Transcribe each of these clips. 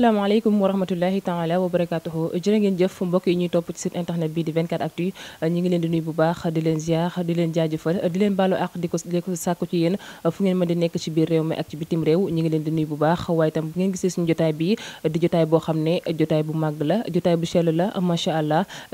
asalaamaaleykum wa rahmatullahi taala wa barakaatuhu jërë ngeen jëf mbokk yi ñuy topp ci site internet bi di 24 actu ñi ngi leen di nuyu bu baax di leen ziar di leen jaajëfal di leen baalu ak di ko sàkku ci yéen fu ngeen mën di nekk ci biir réew mi ak ci bitim réew ñi ngi leen di nuyu bu baax waaye tam bu ngeen gisee jotaay bi di xam ne jotaay la jotaay bu sell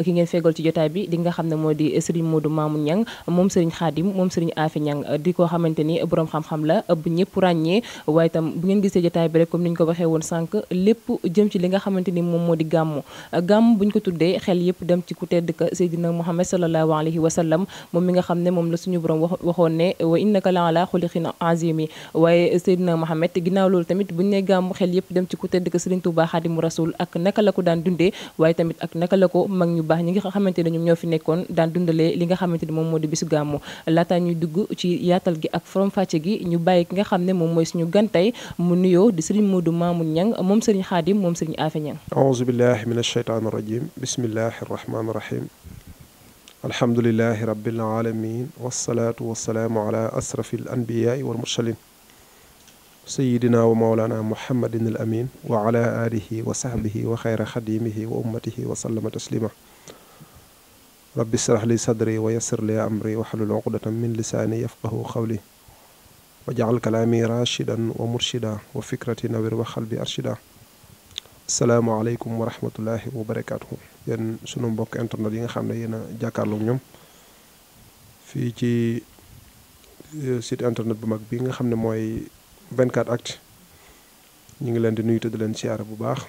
ki ngeen fegal ci jotaay bi di nga xam ne moo di Serigne Modou Mamoun Niang moom Serigne Khadim moom Serigne Afi Niang di koo xamante ni borom xam-xam la bu ñëpp ràññee waaye tam bu ngeen gisee jotaay bi rek comme niñ ko waxee lépp jëm ci li nga xamante ni moom moo di gàmmu gàmm buñ ko tuddee xel yëpp dem ci ku tedd ka Seydina Muhammad sallallahu alayhi wa sallam moom mi nga xam ne moom la suñu borom la ala xuliqin azimi waaye Seydina Muhammad ginnaaw loolu tamit buñ ne gàmmu xel yëpp dem ci ku tedd ka Serigne Touba Xaadimu Rasul la ko daan dundee waaye tamit ak naka la ko mag ñu baax ñi nga xamante ne ñoom moo di bisu gàmmu laataa ñuy dugg ci yaatal gi ak forom fàcce gantay mu nuyoo di Serigne Modou Mamoun Niang moom Serigne xaadim moom sëriñ Afe Ñang aousubillahi min alsheytaan irajim bismillahi arrahmaan irrahim alhamdulilahi rabbil alamin wassalaatu wassalaamu ala asrafi al anbiyaai walmursalin sayidina wa maolana muhammadin al amin wa ala alihi wa sahbihi wa xayra xadimihi wa ummatihi wa sallama taslima rabbi israh li sadri wa yassir li amri wahlul uqdatan min lisaani yafqahu qawli wa jacal kalaami rashidan wa murshida wa fikrati nawir wa xalbi arshida salaamaaleykum wa rahmatullahi wa barakaatu yéen sunu mbokk internet yi nga xam ne yéen a jàkkaarloog ñoom fii ci euh, site internet bu mag bi nga xam ne mooy 24 actu ñu ngi leen di nuyu te di leen siyaare bu baax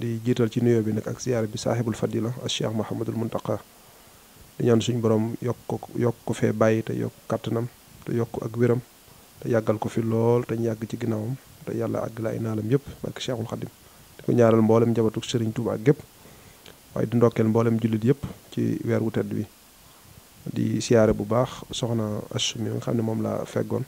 di jiital ci nuyoo bi nag ak siyaare bi saaxibul fadila ak cheikh Mouhamadul Muntaqa di ñaan suñu borom yokk ko yokk ko fee bàyyi te yokk kattanam te yokk ak wéram te yàggal ko fi lool te ñu yàgg ci ginnaawam te yàlla àgg la ay naalam yëpp ak cheikhul ku ñaaral mboolem njabootu Serigne Touba gépp waaye di ndokkeel mboolem jullit yëpp ci weer wu tedd wi di siyaare bu baax soxna Assou nga xam ne moom laa feggoon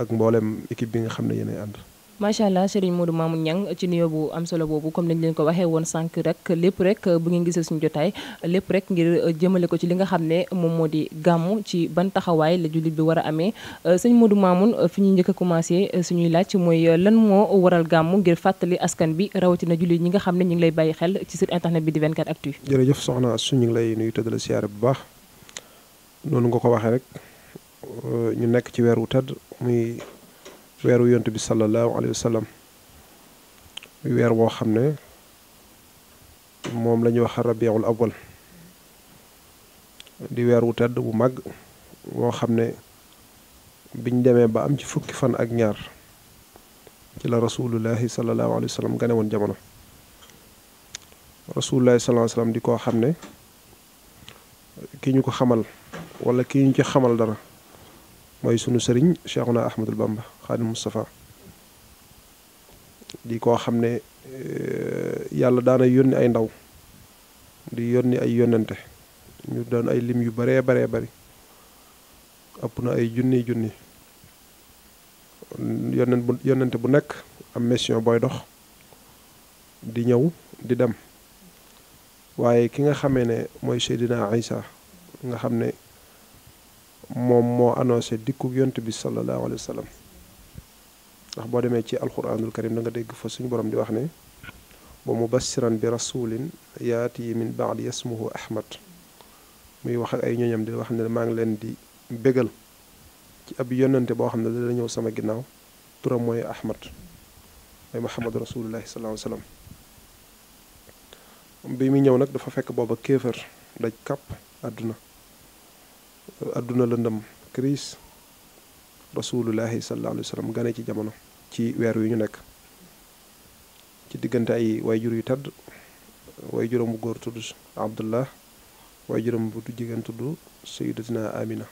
ak mboolem équipe bi nga xam ne yéenay ànd. macha allah Serigne Modou Mamoun Niang ci nuyoo bu am solo boobu comme nañ leen ko waxee woon sànq rek lépp rek bu ngeen gisee suñu jotaay lépp rek ngir euh, jëmale ko ci li nga xam ne moom moo di gàmmu ci ban taxawaay la jullit bi war a amee euh, sëñ Modou Mamoun euh, fi ñu njëkk a commencé suñuy laaj mooy lan moo waral gàmmu ngir fàttali askan bi rawatina jullit ñi nga xam ne ñu ngi lay bàyyi xel ci site internet bi di 24 actu. jërëjëf soxna su ñu ngi lay nuyu te di la bu baax noonu ko waxee rek ñu nekk ci weer wu weeru yontu bi sallallahu alayhi wa sallam weer woo xam ne moom la ñuy wax rabiul awal di weer wu tedd bu màgg woo xam ne biñ demee ba am ci fukki fan ak ñaar ci la rasulullahi sallallahu alayhi wa sallam gane woon jamono rasulullahi sallallahu alayhi wa di koo xam ne ki ñu ko xamal wala ki ñu ci xamal dara mooy sunu sëriñ Cheikhuna Ahmadul Bamba Xaadim Moustapha di koo xam ne eh, yàlla daana yónni ay ndaw di yónni ay yónnante ñu doon ay lim yu baree baree bari ëpp na ay junni junni yónnent bu yónnante bu nekk am mission booy dox di ñëw di dem waaye ki nga xamee ne mooy Seydina Isa nga xam ne moom moo annoncé dikku yonent bi sallallahu alayhi wa ndax boo demee ci alquranul karim da nga dégg fa suñu borom di wax ne wa mubassiran bi rasulin yaati min baadi yasmuhu ahmad muy wax ak ay ñooñam di wax ne maa ngi leen di bégal ci ab yonante boo xam ne dana ñëw sama ginnaaw turam mooy ahmad mooy muhammad rasulullahi sallallahu alayhi wa sallam bi muy ñëw nag dafa fekk booba kéefër daj kàpp àdduna adduna lëndëm crise rasulullahi sallallahu alayhi wa sallam gane ci jamono ci weer wi ñu nekk ci diggante ay wayjur yu tedd wayjuram bu góor tudd abdullah wayjuram bu jigéen tudd sayyidatina amina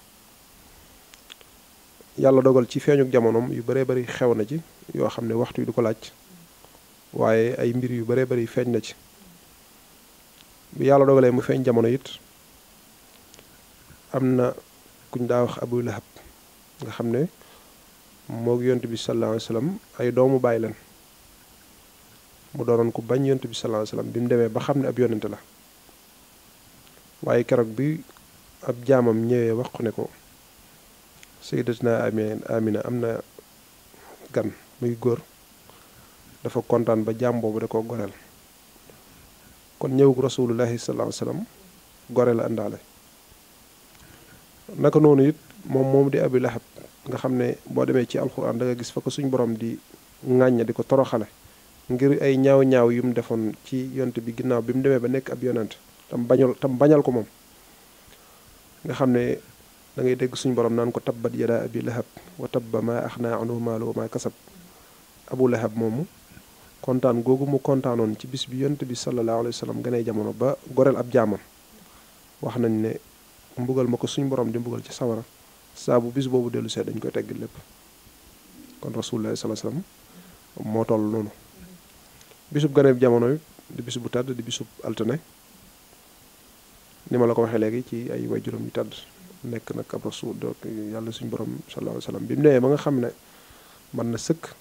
yàlla dogal ci feeñuk jamonoom yu bëree bëri xew na ci yoo xam ne waxtu yi du ko laaj waaye ay mbir yu bëree bëri feeñ na ci bu yàlla dogalee mu feeñ jamono it am na kuñ daa wax abu lahab nga xam ne moog yont bi sallallahu alayhi wa sallam ay doomu bàyyi leen mu doonoon ko bañ yont bi sallallahu alayhi wa sallam bi mu demee ba xam ne ab yonente la waaye keroog bi ab jaamam ñëwee wax ne ko sayyidatina amin amina am na gan muy góor dafa kontaan ba jaam boobu da ko goreel kon ñëwug rasulullahi sallallahu alayhi wa sallam gore la àndaale naka noonu it moom moom di abi lahab nga xam ne boo demee ci alxuraan da gis fa ko suñ borom di ŋàññe di ko toro xale ngir ay ñaaw-ñaaw yu mu defoon ci yonent bi ginnaaw bi mu demee ba nekk ab yonent tam bañal tam bañal ko moom nga xam ne dangay ngay dégg suñu borom naan ko tabbat yadaa abi lahab wa tabba ma axnaa naa maalu ma kasab abu lahab moomu kontaan googu mu kontaanoon ci bis bi yonent bi sallallahu alayhi wa sallam ganay jamono ba goreel ab jaamam wax mbugal ma ko suñ borom di mbugal ci sawara saa bu bis boobu dellu see dañ koy tegg lépp kon rasulullah sallallahu alayhi moo toll noonu bisub ganeeb jamono yi di bis bu tàdd di bisub altine ni ma la ko waxee léegi ci ay waajuram yu tàdd nekk nag ab rasul yàlla suñ borom sallallahu alayhi wasallam bi mu newee ba nga xam ne mën na sëkk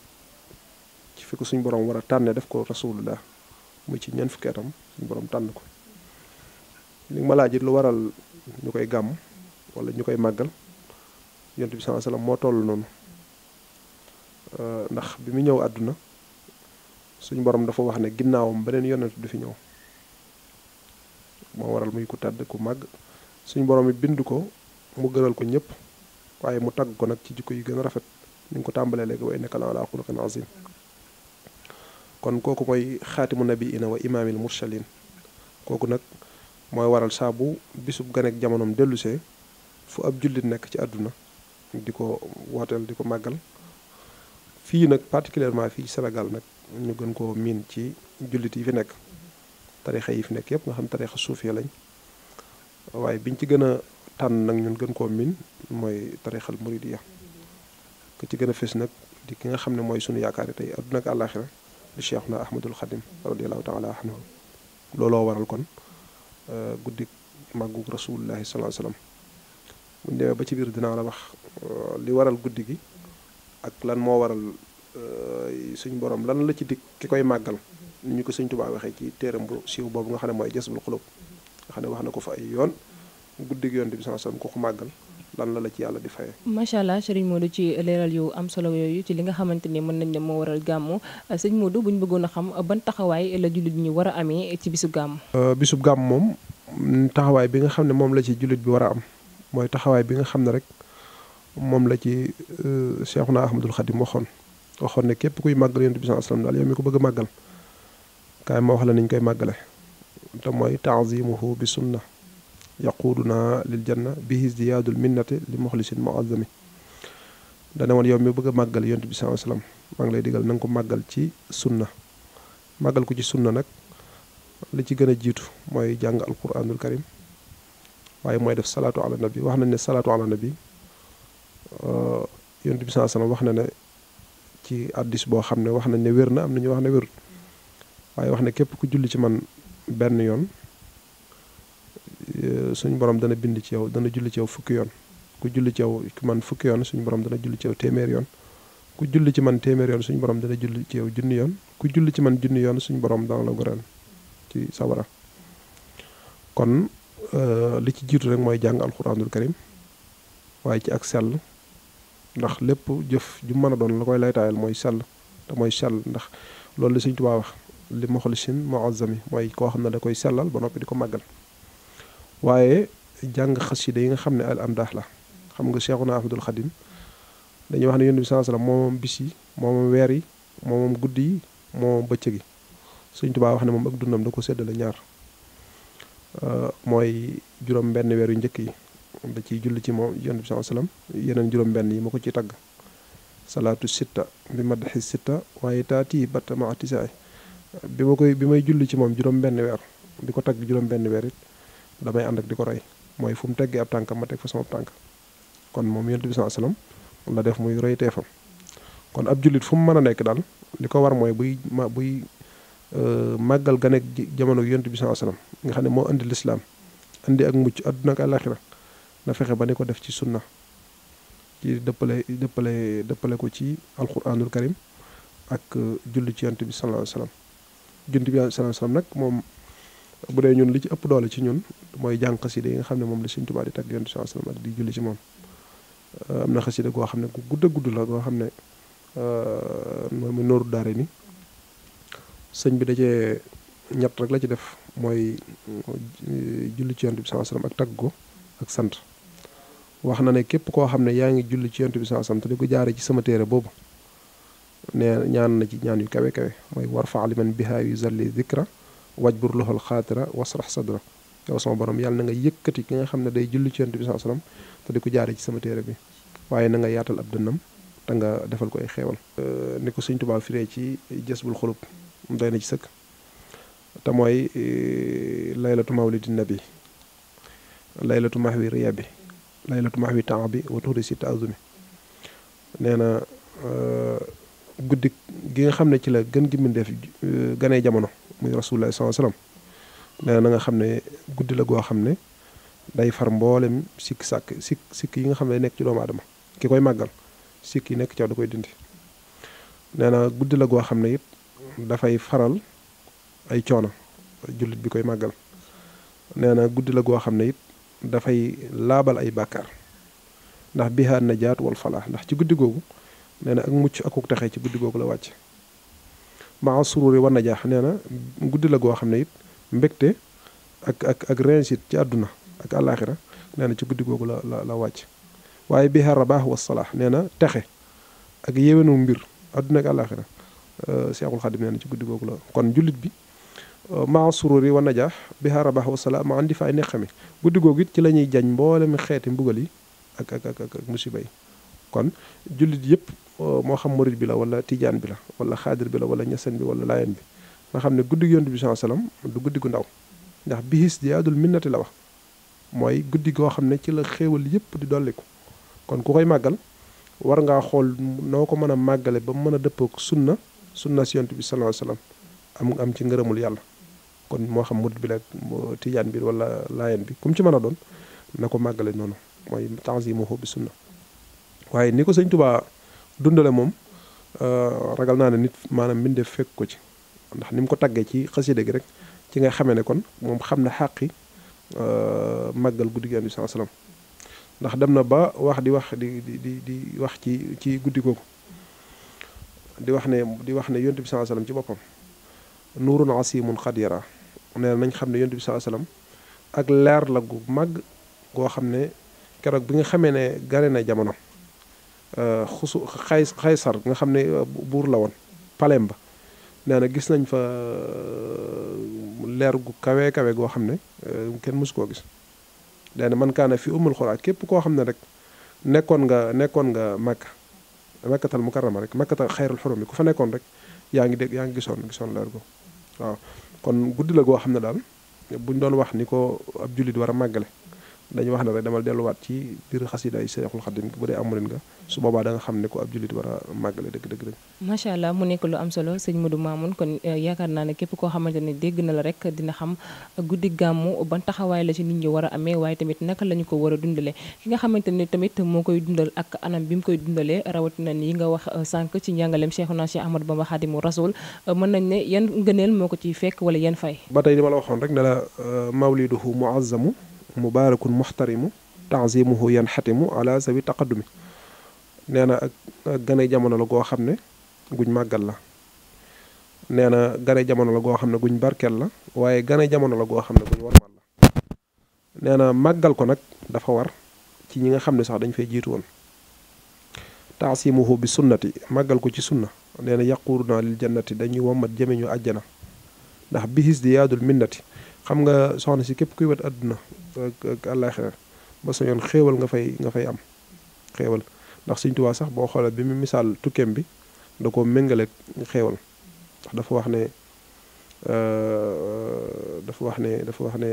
ci fi ko suñ borom war a tànnee def ko rasulullah mu ci ñeent fukki atam suñ boroom tànn ko li nga ji lu waral ñu koy gàmm wala ñu koy màggal yont bi sallallahu alayhi moo toll noonu ndax bi mu ñëw àdduna suñ borom dafa wax ne ginnaawam beneen yonent du fi ñëw moo waral muy ku tàdd ku màgg suñu borom bi bind ko mu gënal ko ñëpp waaye mu tagg ko nag ci jikko yi gën a rafet ni ko tàmbalee léegi wa innaka la'alaa xuluqin azim kon kooku mooy xaatimu nabiina wa imaamil mursalin kooku nag mooy waral saa bu bisub ganeek jamonoom dellusee fu ab jullit nekk ci àdduna di ko wooteel di ko màggal fii nag particulièrement fii ci Sénégal nag ñu gën koo miin ci jullit yi fi nekk tarixa yi fi nekk yëpp nga xam tarixa suufiya lañ waaye biñ ci gën a tànn nag ñun gën koo miin mooy tarixal muridiya ku ci gën a fës nag di ki nga xam ne mooy sunu yaakaar yi tey àdduna ak àllaaxira di Cheikhuna Ahmadul Xadim radiyallahu taala anhu looloo waral kon Euh, guddi màggug rasulullahi salaa sallam buñ demee ba ci biir dinaa la wax euh, li waral guddi gi ak lan moo waral euh, suñ borom lan la ci dig ki koy màggal ni ñu ko sëñ Tuubaa waxee ci téeram bu siiw boobu nga xam ne mooy jasbul xulub nga xam ne wax na ko fa ay yoon guddi gi yoon bi salaa sallam ko ko màggal lan la la ci yàlla di fayee. macha allah Serigne Modou ci leeral yu am solo yooyu ci li nga xamante ni mën nañ ne moo waral gàmmu sëñ Modou bu ñu bëggoon a xam ban taxawaay la jullit ñi war a amee ci bisu gàmm. Euh, bisu gàmm moom taxawaay bi nga xam ne moom la ci jullit bi war a am mooy taxawaay bi nga xam ne rek moom la ci euh, Cheikhuna Ahmadul Xadim waxoon waxoon ne képp kuy màggal yonent bi sallallahu alayhi wasallam daal yow ko bëgg a màggal kaay ma wax la niñ koy màggale te mooy ta'zimuhu bi sunna yaquuduna lil janna di ziyaadul minnati li muxlisin muazami dane woon yow mi bëgg a màggal yonent bi saa salaam maa ngi lay digal na ko màggal ci sunna màggal ko ci sunna nag li ci gën a jiitu mooy jàng alquranul karim waaye mooy def salaatu ala nabi wax nañ ne salaatu ala nabi euh, yonent bi saa salaam wax na ne ci addis boo xam ne wax nañ ne wér na am na ñu wax ne wérul waaye wax ne képp ku julli ci man benn yoon Eh, suñu borom dana bind ci yow dana julli ci yow fukki yoon ku julli ci yow man fukki yoon suñu borom dana julli ci yow téeméer yoon ku julli ci man suñu borom dana julli ci yow junni yoon ku julli ci man junni yoon suñu borom dana la goreel ci sabara kon eh, li ci jiitu rek mooy jàng alxuraanul karim waaye ci ak sell ndax lépp jëf ju mën a doon la koy laytaayal mooy sell te mooy sell ndax loolu suñ Sëñ li wax li moxlisin muazzami mooy koo xam ne da koy sellal ba noppi di ko màggal waaye jàng xasida yi nga xam ne am amdaax la xam nga Seexuna Ahmadul Xadim dañuy wax ne yonent bi sallallahu alayhi wasallam moomoom bis yi moomoom weer guddi yi moomoom bëccëg wax ne moom ak dundam da ko séddale ñaar euh, mooy juróom benn weer yu njëkk yi da ciy julli ci moom yonent bi yeneen juróom yi ma ko ciy tagg salaatu sitta bi madaxi sitta waaye taati batta ma atisaay bi ma koy bi may julli ci moom juróom benn weer di ko tagg juróom benn weer it damay ànd ak di ko roy mooy fu mu teggee ab tànkam ma teg fa sama tànk kon moom yonent bi saa salaam la def muy roy fa kon ab jullit fu mu mën a nekk daal li ko war mooy buy ma buy euh, màggal ga nekk jamono yonent bi saa salaam nga xam ne moo indi lislaam indi ak mucc adduna ak àlaxira na fexe ba ni ko def ci sunna ci dëppale dëppale dëppale ko ci alquranul karim ak euh, julli bi sallallahu alayhi wasallam moom bu dee ñun li ci ëpp doole ci ñun mooy jàng xasida yi nga xam ne moom la Sëriñ Tuubaa di tagg Yonent sallallahu alayhi wa sallam ak di julli ci euh, xam ne ku gudd a gudd la goo xam ne euh, mooy mu ni sëñ bi da cee rek la ci def mooy euh, julli ci Yonent bi ak tagg ko ak sant wax na ne képp koo xam ne yaa ngi julli ci Yonent bi sallallahu alayhi wa te di ko jaare ci sama téere boobu nee ñaan na ci ñaan yu kawe kawe mooy warfa aliman biha yu zalli zikra wajbur loxol xaatira wasrax sadra yow sama borom yàlla na nga yëkkati ki nga xam ne day julli ci bi saa salaam te di ko jaare ci sama téere bi waaye na nga yaatal ab dënnam te nga defal ko ay xeewal euh, ni ko Sëñ Tuubaa firee ci Jazbul Xulub doy na ci sëkk te mooy euh, laylatu mawlidi nabi laylatu mahwi riya bi laylatu mahwi temps bi wa tuuri si taazumi nee na euh, guddi gi nga xam ne ci la gën gi mbindeef ganee jamono muy rasulullah sallallahu alayhi wasallam nee nga xam ne guddi la goo xam ne day far mboolem sikk sàkk sikk sikk yi nga xam ne nekk ci doomu adama ki koy màggal sikk yi nekk caw da koy dindi nee na guddi la goo xam ne it dafay faral ay coono jullit bi koy màggal nee na guddi la goo xam ne it dafay laabal ay bàkkaar ndax bii bihaa najaat wal falaa ndax ci guddi googu nee na ak mucc akuk taxee ci guddi googu la wàcc maa sururi wa najaax nee na guddi la goo xam ne it mbégte ak ak ak ci àdduna ak àllaaxira nee na ci guddi googu la la wàcc waaye biha rabaax wa salaax nee na texe ak yéwénu mbir àdduna ak àllaaxira euh, Seexul Xadim nee na ci guddi googu la kon jullit bi euh, maa sururi wa najaax biha rabaax wa salaax ma andi fa ay neexami guddi googu it ci la ñuy jañ mi xeeti mbugal yi ak ak ak ak musiba yi kon jullit yëpp euh, moo xam murid bi la wala tiijaan bi la wala xaadir bi la wala ñasen bi wala laayeen bi nga xam ne guddi yonent bi saa salaam du guddi gu ndaw ndax bihis jiyaadul minnati la wax mooy guddi goo xam ne ci la xéewal yëpp di ko kon ku koy màggal war ngaa xool noo ko mën a màggale ba mu mën a dëppook sunna sunna si yonent bi sallallahu alayhi wasallam am am ci ngërëmul yàlla kon moo xam murid bi la tijaan bi wala laayan bi kum ci mën a doon na ko màggale noonu mooy tanzimuhu bi sunna waaye ni ko sëñ Touba dundale moom euh, ragal naa ne nit maanaam mbindeef fekk ko ci ndax ni mu ko taggee ci xasida gi rek ci nga xamee ne kon moom xam na xàqi euh, màggal guddi gi sallallahu alayhi wasallam ndax dem na ba wax di wax di di wax ci ci guddi googu di wax ne di wax ne yonent bi sallallahu alayhi ci boppam nuurun asimun xadira nee nañ xam ne yonent bi sallallahu alayhi wasallam ak laar la gu màgg goo xam ne keroog bi nga xamee ne gare na jamono xusu xay xaysar nga xam ne euh, buur la woon palem ba nee na gis nañ fa euh, leer gu kawe kawe goo xam ne euh, kenn mësu koo gis nee na man kaana fi umul xuraan képp koo xam ne rek nekkoon nga nekkoon nga màkka makkatal mukarrama rek makkatal xayrul xurum bi ku fa nekkoon rek yaa ngi dégg yaa ngi gisoon gisoon leer go waaw kon guddi la goo xam ne daal ñu doon wax ni ko ab jullit war a màggale dañu wax ne rek demal delluwaat ci biir xasidaay Seexul Xadim bu dee amuleen nga su boobaa da xam ne ko ab jullit war a màggale dëgg dëgg dëgg macha allah mu nekk lu am solo sëñ Modou Mamoun kon eh, yaakaar naa ne képp koo xamante ne dégg na la rek dina xam guddi gàmmu ban taxawaay la ci nit ñi war a amee waaye tamit naka la ñu ko war a dundale ki nga xamante ne tamit moo koy dundal ak anam bi mu koy dundalee rawatina yi nga wax eh, sànq ci njàngaleem Cheikhuna Cheikh Ahmadou Bamba Xadimu Rasul eh, mën nañ ne yan ngëneel moo ko ciy fekk wala yan fay ba tey li ma la waxoon rek ne la mawliduhu muazzamu mubaarakun muxtarimu tanzimuhu yan xatimu ala sawi taqaddumi nee na ak gane jamono la goo xam ne guñ màggal la nee na gane jamono la goo xam ne guñ barkeel la waaye gane jamono la goo xam ne guñ warmal la nee na màggal ko nag dafa war ci ñi nga xam ne sax dañ fay jiitu woon taasimuhu bi sunnati màggal ko ci sunna nee na yaquuruna lil jannati dañuy womat wommat jëmeñu àjjana ndax bihis di yaadul minnati xam nga soxna si képp kuy wet àdduna ak àllaaxira ba sa yoon xéewal nga fay nga fay am xéewal ndax Sëñ Tuubaa sax boo xoolee bi mu misaal tukkeem bi da koo méngaleeg xéewal euh, dafa wax ne dafa wax ne dafa wax ne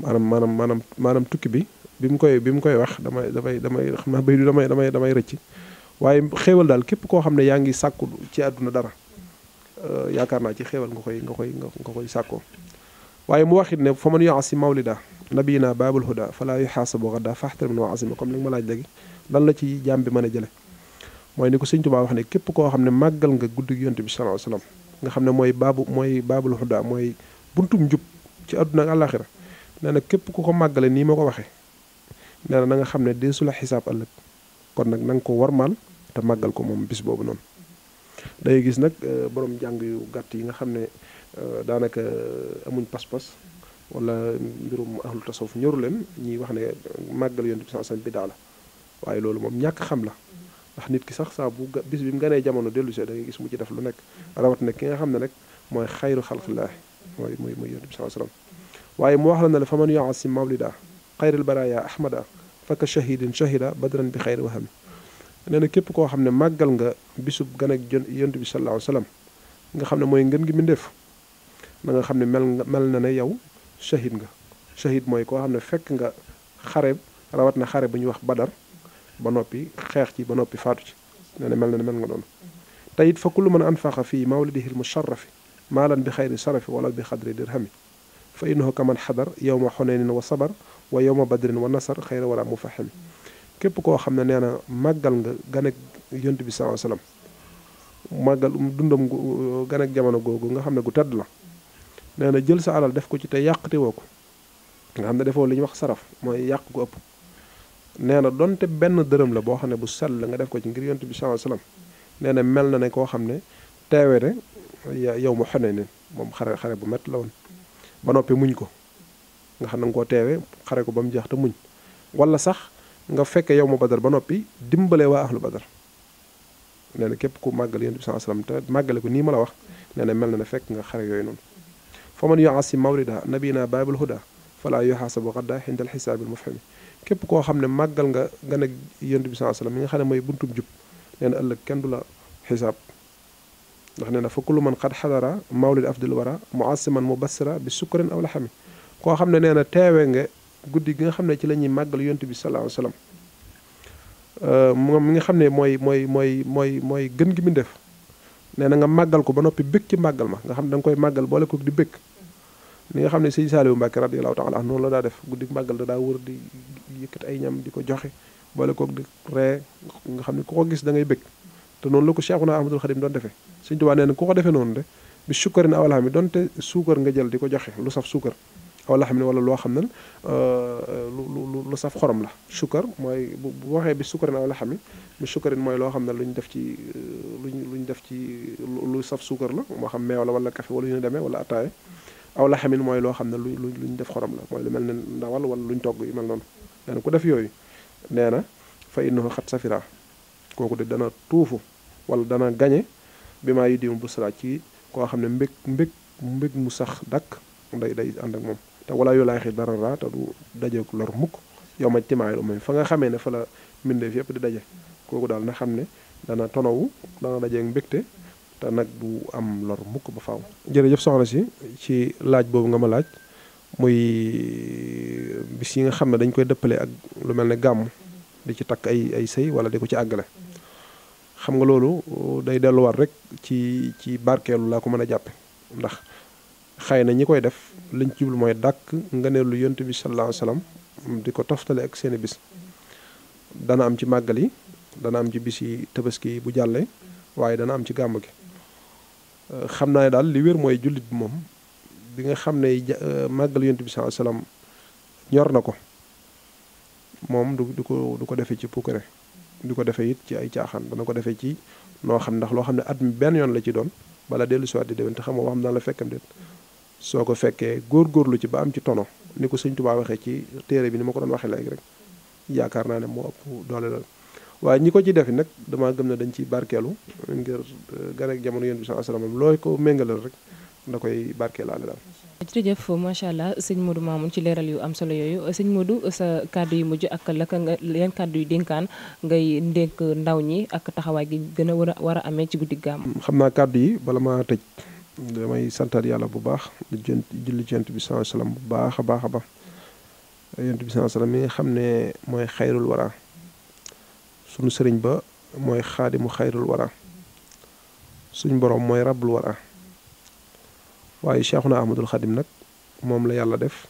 maanaam maanaam maanaam maanaam tukki bi bi mu koy bi mu koy wax damay damay damay xam naa bay du damay damay damay rëcc waaye xéewal daal képp koo xam ne yaa ngi sàkku ci àdduna dara Euh, yaakaar naa ci xewal nga koy nga koy nga koy sàkkoo waaye mu waxit ne fa man yoasi mawlida nabiyina baabul huda fala yuxaasabu gadda faxtar min wa asima comme li nga ma laaj léegi lan la ci jaam bi mën a jële mooy ni ko sëñ Tuubaa wax ne képp koo xam ne màggal nga guddi yonte bi sallallahu alayhi wasallam nga xam ne mooy baabu mooy baabul huda mooy buntum njub ci àdduna ak àllaaxira nee na képp ku ko màggale nii ma ko waxee nee na na nga xam ne deesu la xisaab ëllëg kon nag na nga ko warmaal te màggal ko moom bis boobu noonu day gis nag euh, borom jàng yu gàtt yi nga xam ne euh, daanaka euh, amuñ pas-pas wala mbirum ahlu tasawuf ñoru leen ñuy wax ne màggal yonent bi sallallahu alayhi wasallam bidaa waaye loolu moom ñàkk xam la ndax nit ki sax saa bu bis bi mu ganee jamono dellu si da ngay gis mu ci def lu nekk rawat na ki nga xam ne nag mooy xayru xalqillaahi mooy mooy mooy yonent bi sallallahu alayhi wasallam waaye mu wax la ne la fa man yuasim mawlida xayril baraya ahmada faka shahidin shahida badran bi xayri wahami nee na képp koo xam ne màggal nga bisub gan ak yonent bi sallallahu alayhi nga xam ne mooy ngeen gi mbindéef na nga xam ne mel nga mel na ne yow shahid nga shahid mooy koo xam ne fekk nga xare rawat na xare bu ñuy wax badar ba noppi xeex ci ba noppi faatu ci nee mel na ne mel nga noonu te it fa kullu man anfaqa fii di mawlidihi lmusharrafi maalan bi xayri sarafi wala bi xadri dirhami fa innahu kaman xadar yowma xunenin wa sabar wa yowma badrin wa nasar xayra wala mufaximi képp koo xam ne nee na màggal nga gan ak yont bi sallallahu alayhi wasallam màggal um, dundam uh, gan ak jamono googu nga xam ne gu tedd la nee na jël sa alal def ko ci te yàqte ko nga xam ne defoo li ñuy wax saraf mooy yàq ko ëpp nee na donte benn dërëm la boo xam ne bu sell la nga def ko ci ngir yont bi sallallahu alayhi wasallam nee na mel na ne koo xam ne teewe ne yow mu xane ne moom xare xare bu métti la woon ba noppi muñ ko nga xam ne nga koo teewe xare ko ba mu jeex te muñ wala sax nga fekkee yow ma badar ba noppi dimbale waa ahlu badar nee képp ku màggal yonent bi sa alayhi te màggale ko nii ma la wax nee mel na ne fekk nga xare yooyu noonu fa man yoasi mawrida nabina babul huda fala yoxaasabu xadda xindal xisaabil mufhimi képp koo xam ne màggal nga nga nekk yonent bi sa alayhi wasallam mi nga xam ne mooy buntum jub nee ëllëg kenn du la xisaab ndax nee na fa kullu man xad xadara mawlid afdil wara muasiman mubassira bi sukkarin aw laxami koo xam ne nee na teewe nga guddi gi nga xam ne ci la ñuy màggal yontu bi salaahu salaam moom mi nga xam ne mooy mooy mooy mooy mooy gën gi mu def nee na nga màggal ko ba noppi bëgg ci màggal ma nga xam ne da nga koy màggal boole ko di bëgg li nga xam ne sëñ Saliou Mbacke radiyallahu taala noonu la daa def guddi màggal da daa wër di yëkkat ay ñam di ko joxe boole koog di ree nga xam ne ku ko gis dangay ngay bëgg te noonu la ko naa Cheikhuna Ahmadul Khadim doon defee sëñ Tuubaa nee na ku ko defee noonu de bi sukkarin awalaa mi donte suukar nga jël di ko joxe lu saf suukar wala xam ne wala loo xam ne euh, lu lu saf xorom la sukkar mooy bu waxee bi sukkarin aw la xam ne bi sukkarin mooy loo xam ne lu ñu def ci euh, luñ lu ñu def ci lu saf sukkar la moo xam meew la wala café wala yu ñu demee wala attaaye aw la xamin mooy loo xam ne lu lu ñu def xorom la mooy lu mel ne ndawal lu ñu togg yu mel noonu nee na ku def yooyu nee na fa innahu xat safira kooku de dana tuufu wala dana gañe bi maa yi dimu bu sara ci koo xam ne mbég mbég mbég mu sax dakk day day ànd moom te wala yu laay xi dara ra te du dajeek lor mukk yow ma timaayal umam fa nga xamee ne fa la mbindeef yëpp di daje kooku daal na xam ne dana tonawu dana dajeek mbégte te nag du am lor mukk ba faaw. jërëjëf soxna si ci laaj boobu nga ma laaj muy euh, bis yi nga xam ne dañ koy dëppale ak lu mel ne gàmm di ci takk ay ay sëy wala di ko ci àggale xam nga loolu euh, day delluwaat rek ci ci barkeelu laa ko mën a jàppe ndax xëy na ñi koy def liñ ci jublu mooy dàkk nga ne lu yonent bi sallallahu alayhi wasallam di ko toftale ak seeni bis dana am ci màggal yi dana am ci bis yi tabaski yi bu jàllee waaye dana am ci gàmb gi euh, xam naa ne daal li wér mooy jullit bi moom bi nga xam ne euh, màggal yonent bi sallallahu ñor na ko moom du du ko du ko defee ci pukkare du ko defee it ci ay caaxaan dana ko defee ci noo xam ndax loo xam ne at mi benn yoon la ci doon bala dellu siwaat di te xam nga xam naa la soo ko fekkee góor góorgóorlu ci ba am ci tono ni ko sëñ Tuubaa waxee ci téere bi ni ma ko doon waxee léegi rek yaakaar naa ne moo ëpp doole la waaye ñi ko ci def nag damaa gëm ne dañ ci barkeelu ngir euh, gan ak jamono yéen bi sallallahu alayhi looy ko méngalal rek da koy barkeelaale daal jërëjëf macha allah sëñ Modou Mamoun ci leeral yu am solo yooyu sëñ Modou sa kàddu yi mujj ak laka nga yan kàddu yi dénkaan ngay ndénk ndaw ñi ak taxawaay gi gën a war a war a amee ci guddi gàmm xam naa kàddu yi bala ma tëj damay santaat yàlla bu baax di jënt julli jent bi saa salaam bu baax a baax a baax yent bi saa salaam mi nga xam ne mooy xayrul wara sunu sëriñ ba mooy xaadimu xayrul wara suñ borom mooy rabbul wara waaye Cheikhuna Ahmadul Xadim nag moom la yàlla def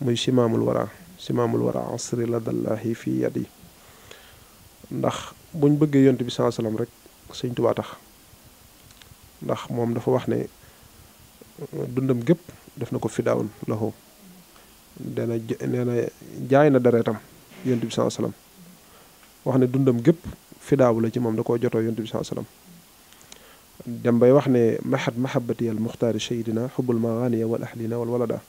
muy simaamul wara simaamul wara asri la dallahi fii yadi ndax buñ bëggee yont bi saa salaam rek sëñ Tuubaa ndax moom dafa wax ne euh, dundam gépp def na ko fidaawun lahu dana nee na jaay na deretam yonent bi saa salaam wax ne dundam gépp fidaawu la ci moom da koo jotoo yonent bi saa salaam dem bay wax ne maxat mahabati al muxtaari sayidina xubul maganiya wal ahlina wal walada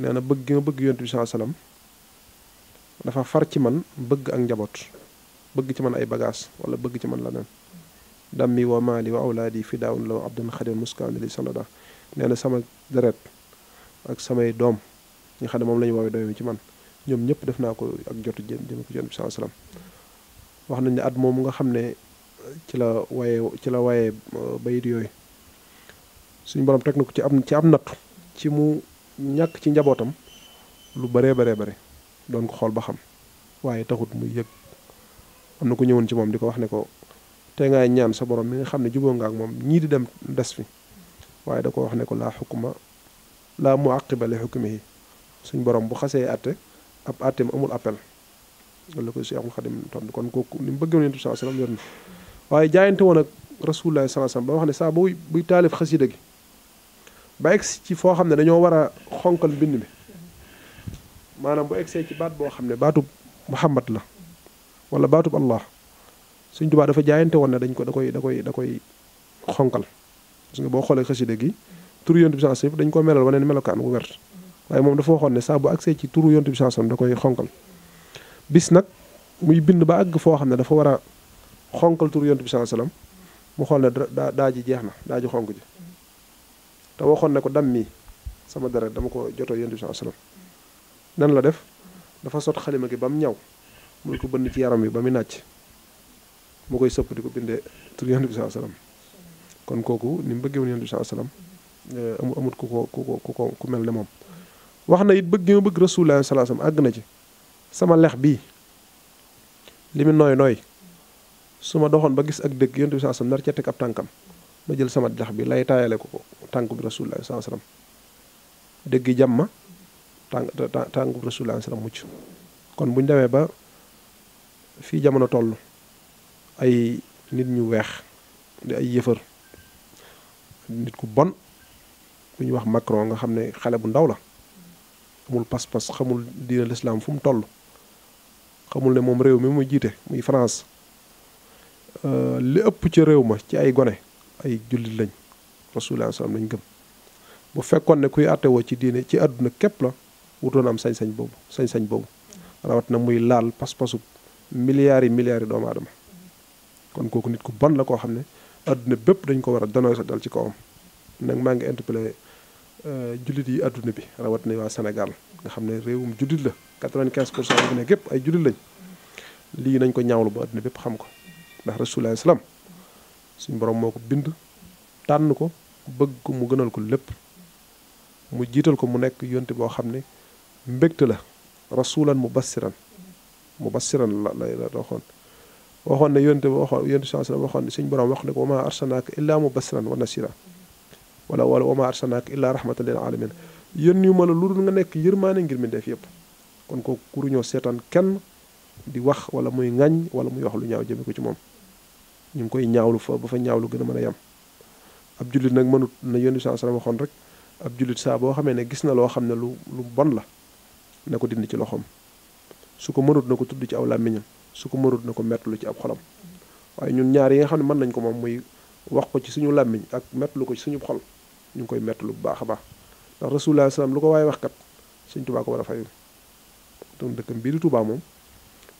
nee na bëgg gi ma bëgg yonent bi saa salaam dafa far ci man bëgg ak njaboot bëgg ci man ay bagaas wala bëgg ci man leneen dammi wa maali wa awlaadi fi daawun law abdan xadim muskaani li sanada nee na sama deret ak samay doom ñu xam ne moom lañu ñu woowee doom ci man ñoom ñëpp def naa ko ak jotu jëm jëm ko jëm saa salaam wax nañ ne at moom nga xam ne ci la waye ci la waye uh, bayit yooyu suñu borom teg na ko ci am ci am nattu ci mu ñàkk ci njabootam lu baree bare bare doon ko xool ba xam waaye taxut muy yëg am na ku ñëwoon ci moom di ko wax ne ko te ngay ñaan sa boroom mi nga xam ne juboo nga ak moom ñii di dem des fi waaye da ko wax ne ko laa ma laa mu àqiba li xukumi suñ borom bu xasee atte ab atteem amul appel loolu la koy Seexul Xadim tontu kon kooku ni mu bëggoon Yonent bi sallallahu sa wasallam yor na waaye jaayante woon ak Rasulullahi sallallahu alayhi wasallam ba wax ne saa buy buy taalif xasida gi ba egsi ci foo xam ne dañoo war a xonkal mbind mi maanaam bu egsee ci baat boo xam ne baatub Muhammad la wala baatub Allah Sëñ Tuubaa dafa jaayante woon ne dañ ko da koy da koy da koy xonkal parce que boo xoolee xasida gi turu yontu bi sans dañ ko melal waneen melokaan wu wert waaye moom dafa waxoon ne saa bu agsee ci turu yontu bi sans da koy xonkal bis nag muy bind ba àgg foo xam ne dafa war a xonkal turu yontu bi sans salam mu xool ne da daa ji jeex na daa xonk ji te waxoon ne ko dam mi sama deret dama ko joto yontu bi sans salam la def dafa sot xalima gi ba mu ñaw mu ko bënn ci yaram wi ba mu nàcc mu koy sëpp di ko bindee tur yonent salaam kon kooku ni mu bëggee woon yonent bi salaam eh, amut ku ko ku ko ku mel ne moom wax na it bëgg ma bëgg rasulullah saa salaam àgg na ci sama lex bi li mu nooy nooy su ma doxoon ba gis ak dëgg yonent bi saa salaam nar ca teg ab tànkam ma jël sama lex bi lay taayale ko ko tànk bi rasulullah saa salaam dëgg jàmm ma tànk tànk bi rasulullah salaam mucc kon buñ demee ba fii jamono toll ay nit ñu weex di ay yëfër nit ku bon bu ñu wax Macron nga xam ne xale bu ndaw la xamul pas-pas xamul diine lislaam fu mu toll xamul ne moom réew mi mu jiite muy France euh, li ëpp ci réew ma ci ay gone ay jullit lañ rasulullah salaam lañ gëm bu fekkoon ne kuy àttewoo ci diine ci àdduna képp la wutoon am sañ-sañ boobu sañ-sañ boobu rawat na muy laal pas-pasu milliards yi milliards yi doomu aadama kon kooku nit ku ban la koo xam ne adduna bépp dañ ko war a dénoncé dal ci kawam nag maa ngi interpellé euh, jullit yi àdduna bi rawat na waa Sénégal nga xam ne réewum jullit la 95 pour cent ne yépp ay jullit lañ lii nañ ko ñaawlu ba adduna bépp xam ko ndax rasulullah salaam suñu borom moo bind tànn ko bëgg ko mu gënal ko lépp mu jiital ko mu nekk yonte boo xam ne mbégte la rasulan mu bassiran mu bassiran la la doxoon waxoon ne yonte ba waxoon yonte saa sallam waxoon ne suñ borom wax ne ko wama arsalnaaka illaa mubashiran wa nasira wala wala wama arsalnaaka illaa rahmatan lil alamin yón ñu ma la lu dul nga nekk yërmaane ngir mi def yëpp kon ko kuruñoo seetaan kenn di wax wala muy ŋañ wala muy wax lu ñaaw jëme ko ci moom ñu ngi koy ñaawlu fa ba fa ñaawlu gën a mën a yem ab jullit nag mënut na yonte saa sallam waxoon rek ab jullit saa boo xamee ne gis na loo xam ne lu lu bon la na ko dindi ci loxoom su ko mënut ko tudd ci aw làmmiñam su ko mënut na ko mettlu ci ab xolam waaye ñun ñaar yi nga xam ne mën nañ ko moom muy wax ko ci suñu làmmiñ ak mettlu ko ci suñu xol ñu ngi koy mettlu bu baax a baax ndax rasulullah salaam lu ko waaye wax kat sëñ tubaa ko war a fay doon dëkkam bii di tubaa moom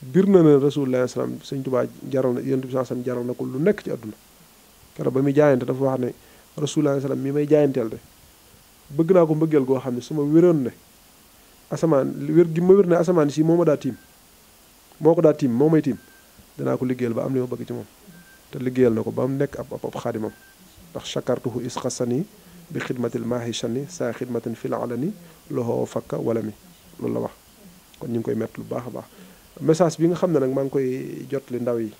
biir na ne rasulullah salaam sëñ tubaa jaral na yonent bi salaam jaral na ko lu nekk ci àdduna keroog ba muy jaayante dafa wax ne rasulullah salaam mi may jaayanteel de bëgg naa ko mbëggeel goo xam ne su ma wéroon ne asamaan wér gi ma wér ne si moo moo ko daa tiim moo may tiim danaa ko liggéeyal ba am li ma bëgg ci moom te liggéeyal na ko ba mu nekk ab ab xaadimam ndax chakartuhu is xasani bi xidmatil maahi chani saa xidmatin fil alani loxoo fakka wala mi loolu la wax kon ñu ngi koy mett lu baax a baax message bi nga xam ne nag maa ngi koy jotli ndaw yi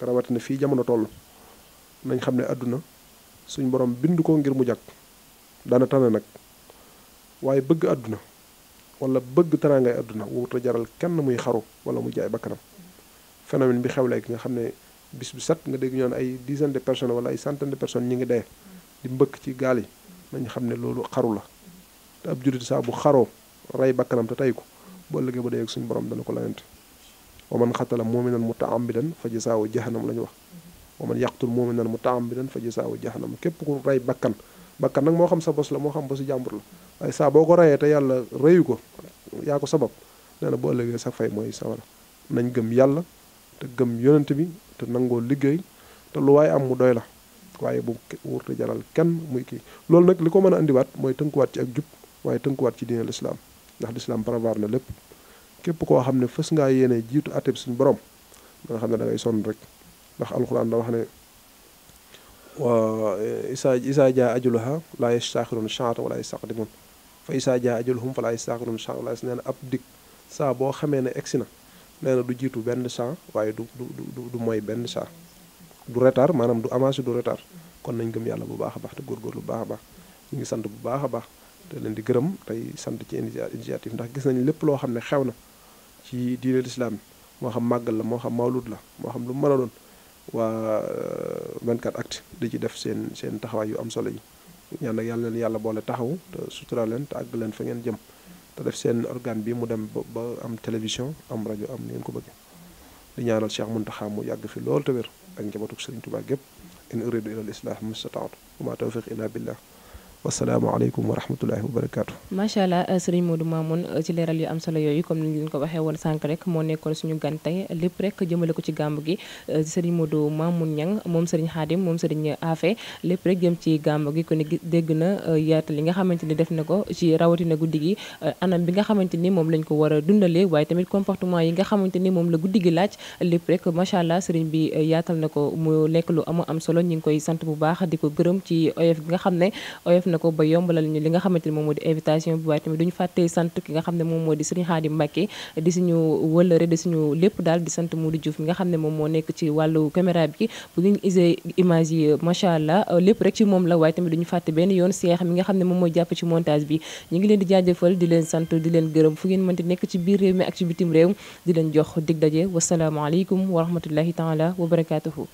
rawatina fii jamono toll nañ xam ne àdduna suñ borom bind ko ngir mu jag dana tane nag waaye bëgg àdduna wala bëgg teraangay àdduna wuuta jaral kenn muy xaru wala mu jaay bakkanam phénomène bi xew ki nga xam ne bis bu set nga dégg ñoon ay dizaine de personnes wala ay centaine de ñi ngi dee di mbëkk ci gaal yi nañ xam ne loolu xaru la te ab jullit saa bu xaroo rey bakkanam te tey ko bu ëllëgee ba dee ak suñu borom dana ko layante wa man xatala muminan mutaammidan fa jasaawu jahannam la ñu wax wa man yaqtul muminan mutaammidan fa jasaawu jahannam képp ku rey bakkan bakkan nag moo xam sa bos la moo xam bosu jàmbur la waaye saa boo ko reyee te yàlla reyu ko yaa ko sabab nee na bu ëllëgee sa fay mooy sawara nañ gëm yàlla te gëm yonent bi te nangoo liggéey te lu waaye am mu doy la waaye bu wurte jaral kenn muy kii loolu nag li ko mën a indiwaat mooy tënkuwaat ci ak jub waaye tënkuwaat ci diine lislaam ndax lislaam prévoir na lépp képp koo xam ne fës ngaa yéene jiitu ateb suñu borom da xam ne da ngay sonn rek ndax alxuraan da wax ne wa eh, isa isa jaa ajuluha laa yastaaxiruun chaata wala yastaqdimuun fa isa jaa ajuluhum fa laa yastaaxiruun chaata wala nee na ab dig saa boo xamee ne egsi na nee na du jiitu benn saa waaye du du du mooy benn saa du retard maanaam du avancé du retard nañ gëm yàlla bu baax a baax te góorgóorlu bu baax a baax ngi sant bu baax a baax te leen di gërëm tey sant ci initiative ndax gis nañu lépp loo xam ne xew na ci diine lislaam moo xam màggal la moo xam mawlud la moo xam lu mu a doon waa 24 euh, actu di ci def seen seen taxawaay yu am solo yi ñaan nag yàlla leen yàlla boole taxaw te sutura leen te àgg leen fa ngeen jëm te def seen organe bi mu dem ba am télévision am rajo am ni ngeen ko bëggee di ñaanal mun Mountakha mu yàgg fi lool te wér ak njabootu Serigne Touba gépp in uridu ila al islah mustata'tu wa ma tawfiq illa billah wasalaamaaleykum wa rahmatullahi wa barakaatu. macha allah euh, sëriñ Modou Mamoun euh, ci leeral yu am solo yooyu comme ni ko waxee woon sànq rek moo nekkoon suñu gàntay lépp rek jëmale ko ci gàmb gi euh, sëriñ Modou Mamoun Niang moom sëriñ Xaadim moom sëriñ Afe lépp rek jëm ci gàmb gi ku ne dégg na yaatal li nga xamante ni def na ko ci rawatina guddi gi anam bi nga xamante ni moom lañ ko war a dundalee waaye tamit comportement yi nga xamante ni moom la guddi gi laaj lépp rek macha allah bi yaatal na ko mu nekk lu amu am solo ñu ngi koy sant bu baax di ko gërëm ci oyof gi nga xam ne oyof na ko ba yombalal ñu li nga xamante ne moom moo di invitation bi waaye tamit duñu fàttee sant ki nga xam ne moom moo di suñu Xaadim Mbàkke di suñu wëlëre di suñu lépp daal di sant mu Diouf mi nga xam ne moom moo nekk ci wàllu caméra bi bu yi macha allah lépp rek moom la waaye tamit duñu fàtte benn yoon seex mi nga xam ne moom mooy jàpp ci montage bi ñu ngi leen di jaajëfal di leen sant di leen gërëm fu ngeen mënti nekk ci biir réew mi ak ci bitim réew di leen jox dig daje wasalaamaaleykum wa rahmatullahi taala wa barakatuhu